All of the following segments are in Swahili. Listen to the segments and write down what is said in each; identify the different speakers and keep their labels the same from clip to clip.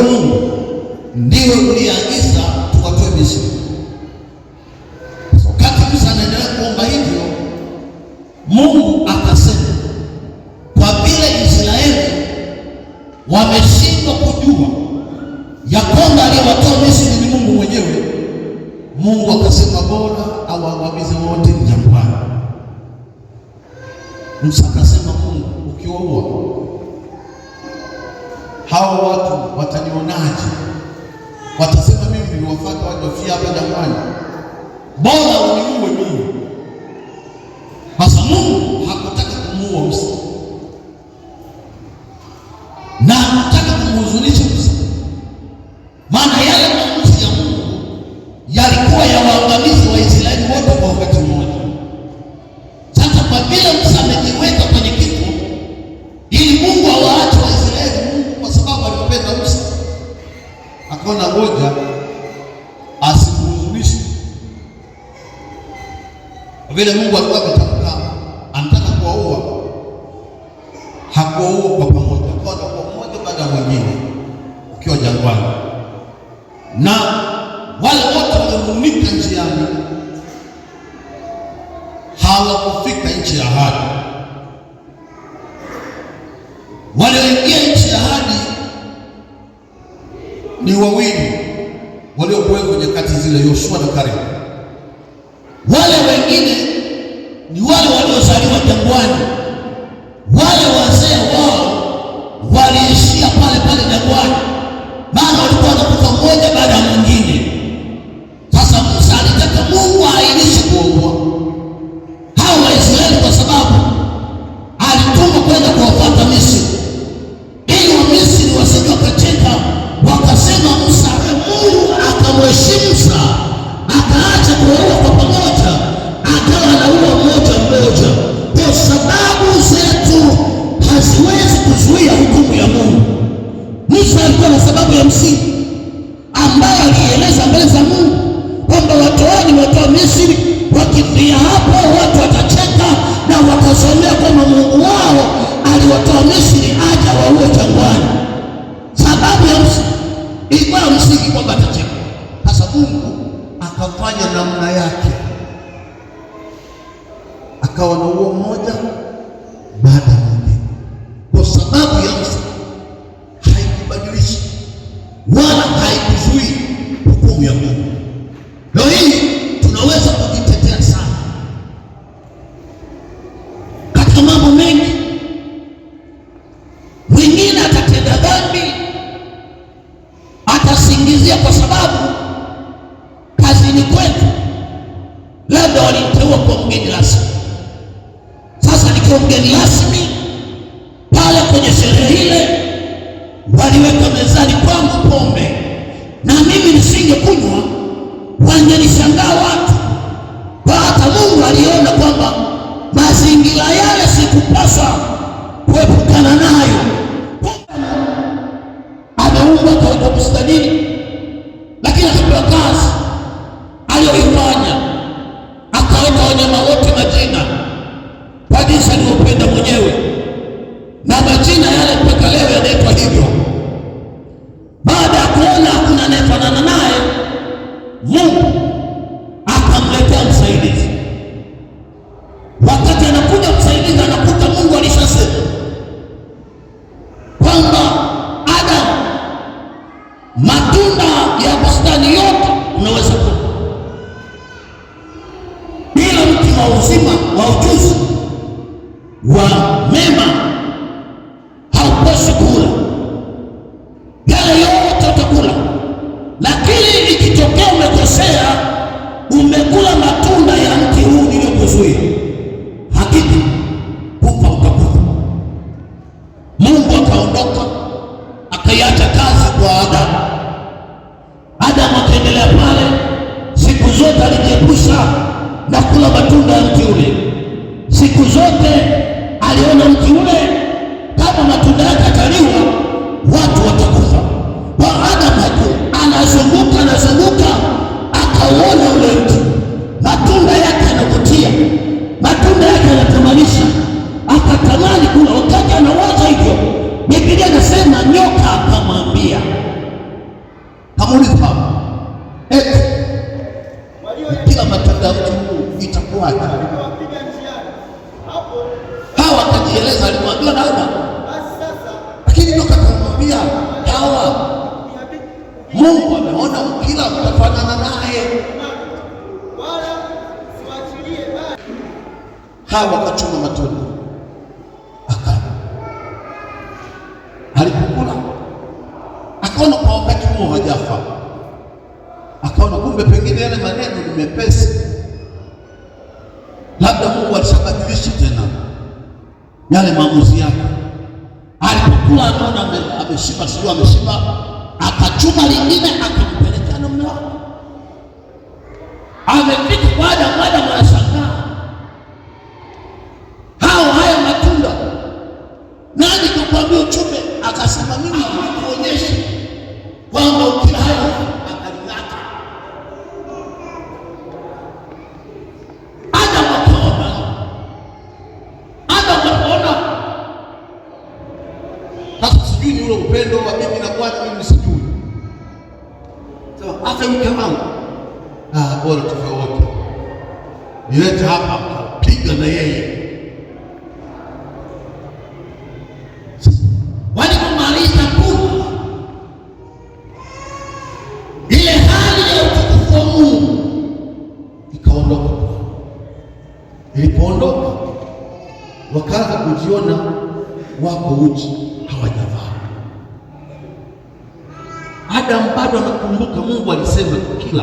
Speaker 1: Mungu ndiwe uliagiza tukatoe Misri. Wakati Musa anaendelea kuomba hivyo, Mungu akasema, kwa vile Israeli wameshindwa kujua ya kwamba aliyewatoa Misri ni Mungu mwenyewe, Mungu akasema bora awaangamize wote jangwani. Musa nchi ya ahadi. Walioingia nchi ya ahadi ni wawili waliokuwepo nyakati zile, Yoshua na Kalebu. kuwa mgeni rasmi. Sasa nikiwa mgeni rasmi lakini ikitokea umekosea, umekula akaona kwa wakati huo hajafa, akaona kumbe pengine yale maneno ni mepesi, labda Mungu alishabadilisha tena yale maamuzi yake. Alipokuwa anaona ameshiba, sijui ameshiba, akachuma lingine aka msijui ule upendo wa bibi na bwana, mimi msijui. Sema hata mke wangu, ah, bora tufe nilete hapa piga na yeye. Ilipoondoka wakaanza kujiona wako uchi hawajavaa Adam bado anakumbuka Mungu alisema tukila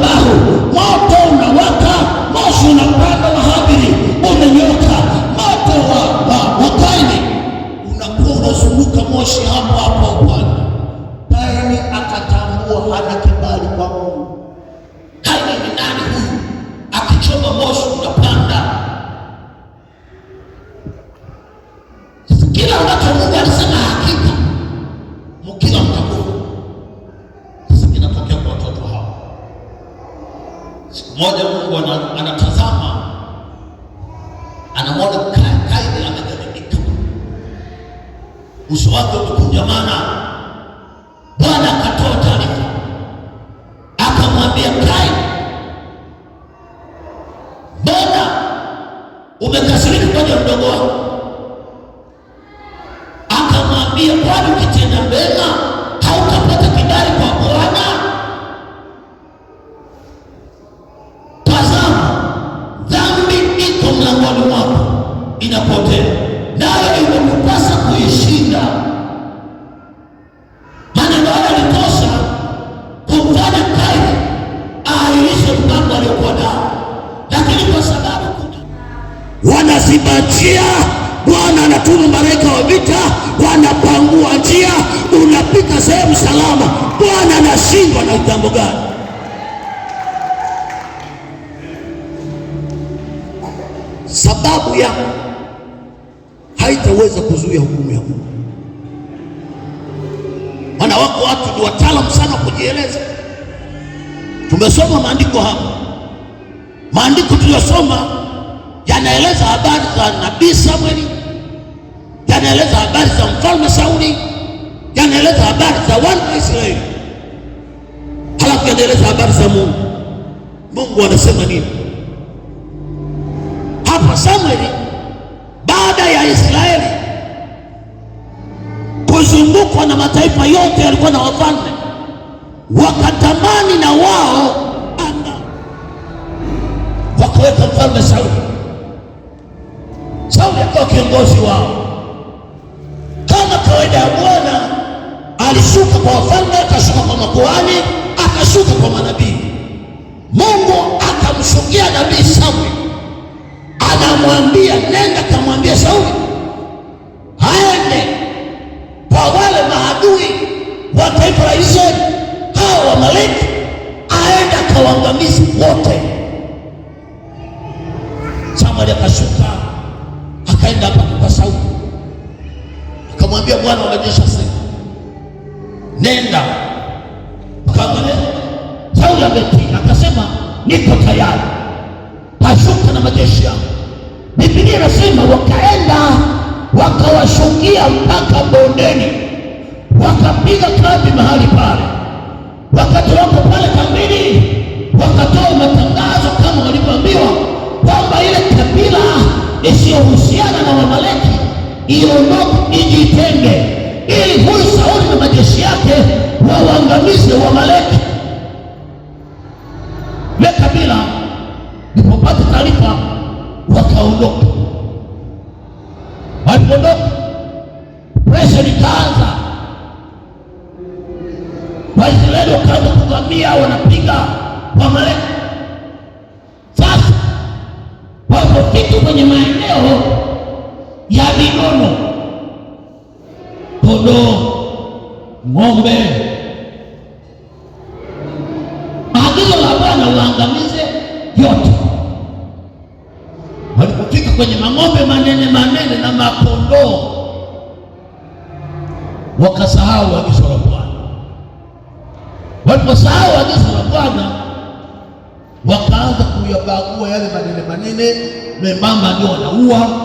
Speaker 1: madhabahu moto uso wake umekunjamana. Bwana akatoa taarifa, akamwambia Kaini, mbona umekasirika kwa mdogo wako? unaachia Bwana anatuma malaika wa vita, wanapangua njia, unapita sehemu salama. Bwana anashindwa na jambo gani? Sababu yako haitaweza kuzuia hukumu ya Mungu. Maana wako watu ni wataalamu sana kujieleza. Tumesoma maandiko hapa, maandiko tuliyosoma yanaeleza habari za nabii Samueli, yanaeleza habari za mfalme Sauli, yanaeleza habari za wana wa Israeli, halafu yanaeleza habari za Mungu. Mungu anasema nini hapa? Samueli baada ya Israeli kuzungukwa na mataifa yote yalikuwa na wafalme, wakatamani na wao anga, wakaweka mfalme Sauli Sauli akawa kiongozi wao. Kama kawaida ya Bwana, alishuka kwa wafalme, akashuka kwa makuhani, akashuka kwa manabii. Mungu akamshukia nabii Samuel, anamwambia nenda, kamwambia Sauli aende kwa wale maadui wa taifa la Israeli, hao Wamaleki, aende akawaangamizi wote. Samuel akashuka Akamwambia Bwana unajesha sasa, nenda akaangalia. Sauli ametii, akasema niko tayari, tashuka na majeshi yangu. Biblia inasema wakaenda wakawashukia mpaka bondeni, wakapiga kambi mahali pale. wakatoka pale kambini, wakatoa matangazo kama walivyoambiwa kwamba ile kabila isiyohusiana na Wamaleki iondoke ijitenge, ili huyu Sauli na majeshi yake wawaangamize Waamaleki. Le kabila lipopata taarifa wakaondoka. Walipoondoka presha ikaanza, Waisraeli wakaanza kuvamia, wanapiga Wamaleki. ngono, kondoo, ng'ombe. Agizo la Bwana uangamize yote. Walipofika kwenye mang'ombe manene manene na makondoo, wakasahau agizo la Bwana. Waliposahau agizo la Bwana wakaanza kuyabagua yale manene manene membamba, ndio wanaua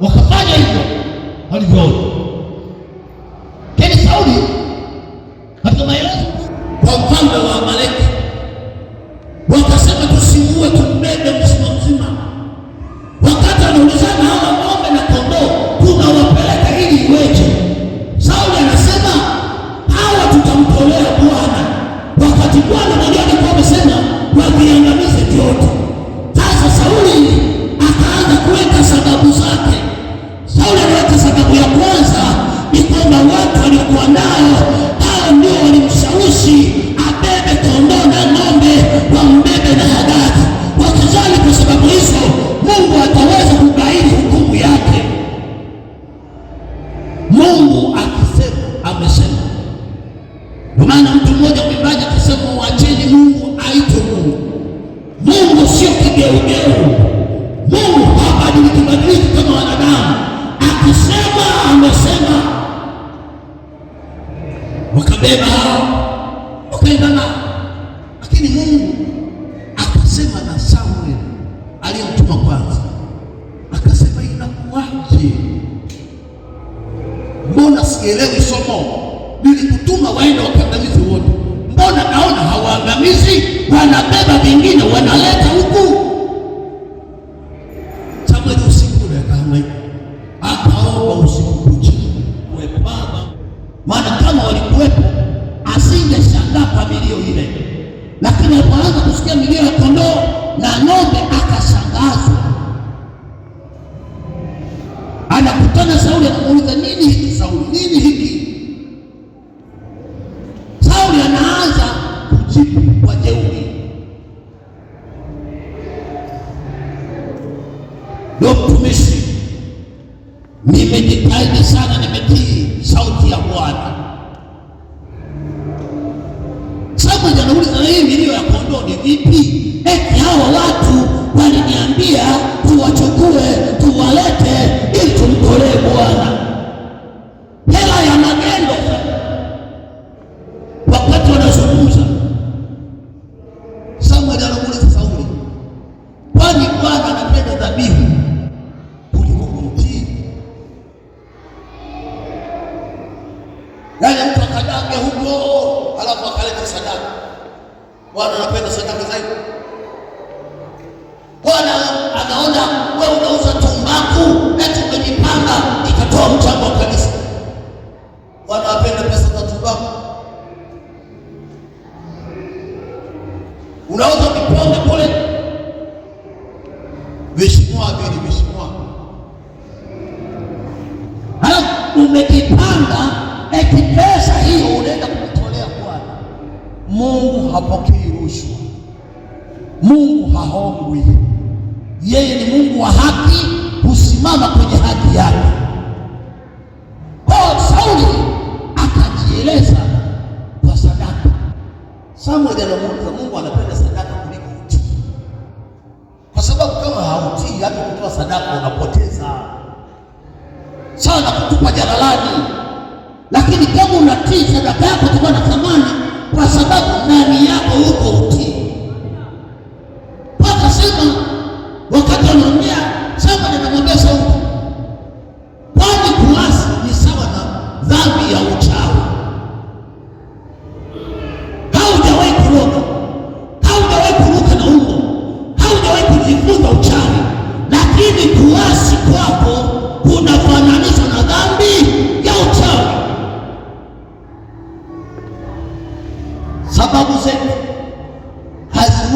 Speaker 1: wakafanya hivyo walivyoona wanaendana, lakini Mungu akasema na Samuel aliyemtuma kwanza, akasema inakuwaje? Mbona sielewi somo? Nilikutuma waende wakandamizi wote, mbona naona hawaangamizi, wanabeba vingine wanaleta huku umekipanga na kipesa hiyo unaenda kumtolea Bwana. Mungu hapokei rushwa, Mungu hahongwi. Yeye ni Mungu wa haki, husimama kwenye haki yake. Kwa Sauli akajieleza kwa sadaka. Samueli anamuuliza Mungu anapenda sadaka kuliko utii, kwa sababu kama hautii hata kutoa sadaka unapotea kwa jalalani. Lakini kama unatii sadaka yako itakuwa na thamani, kwa sababu ndani yako uko utii.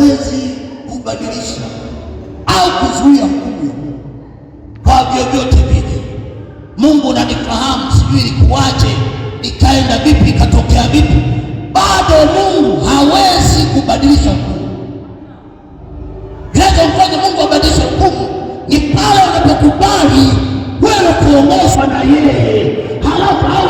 Speaker 1: hatuwezi kubadilisha au kuzuia hukumu ya Mungu kwa vyovyote vile. Mungu nanifahamu, sijui ilikuwaje, ikaenda vipi, ikatokea vipi, bado Mungu hawezi kubadilisha hukumu. Kinachomfanya Mungu abadilishe hukumu ni pale unapokubali wewe kuongozwa na yeye halafu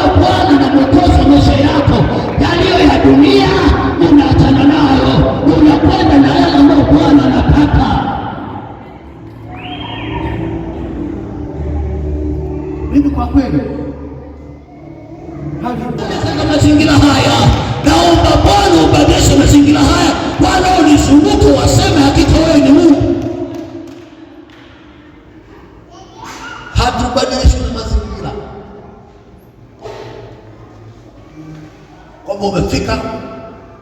Speaker 1: Mimi kwa kweli katika mazingira haya naomba Bwana ubadilishe mazingira haya, wanaonizunguka waseme hakika wewe ni Mungu. Hatubadilishi mazingira kwamba umefika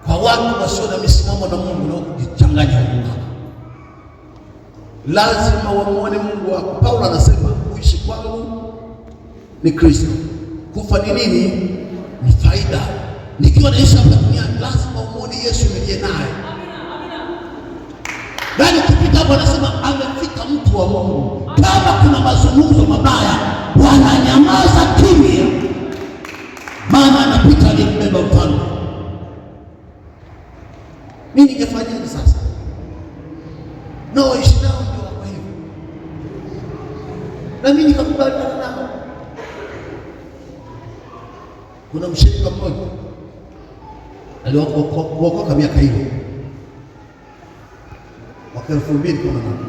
Speaker 1: kwa watu wasio na misimamo na Mungu na kujichanganya. Lazima wamwone Mungu wako. Paulo anasema ni Kristo. Kufa ni nini? Ni faida. Nikiwa naishi hapa duniani, lazima umuone Yesu niliye naye. Yaani ukipita hapo, anasema amefika mtu wa Mungu. Kama kuna mazungumzo mabaya, wananyamaza kimya, maana anapita aliyembeba mfalme. Mi ningefanyaje sasa? Nao waishi nao ndio wako hivyo, na mi nikakubaliana nao kuna mshirika mmoja aliokoka miaka hiyo mwaka elfu mbili kumi na tano.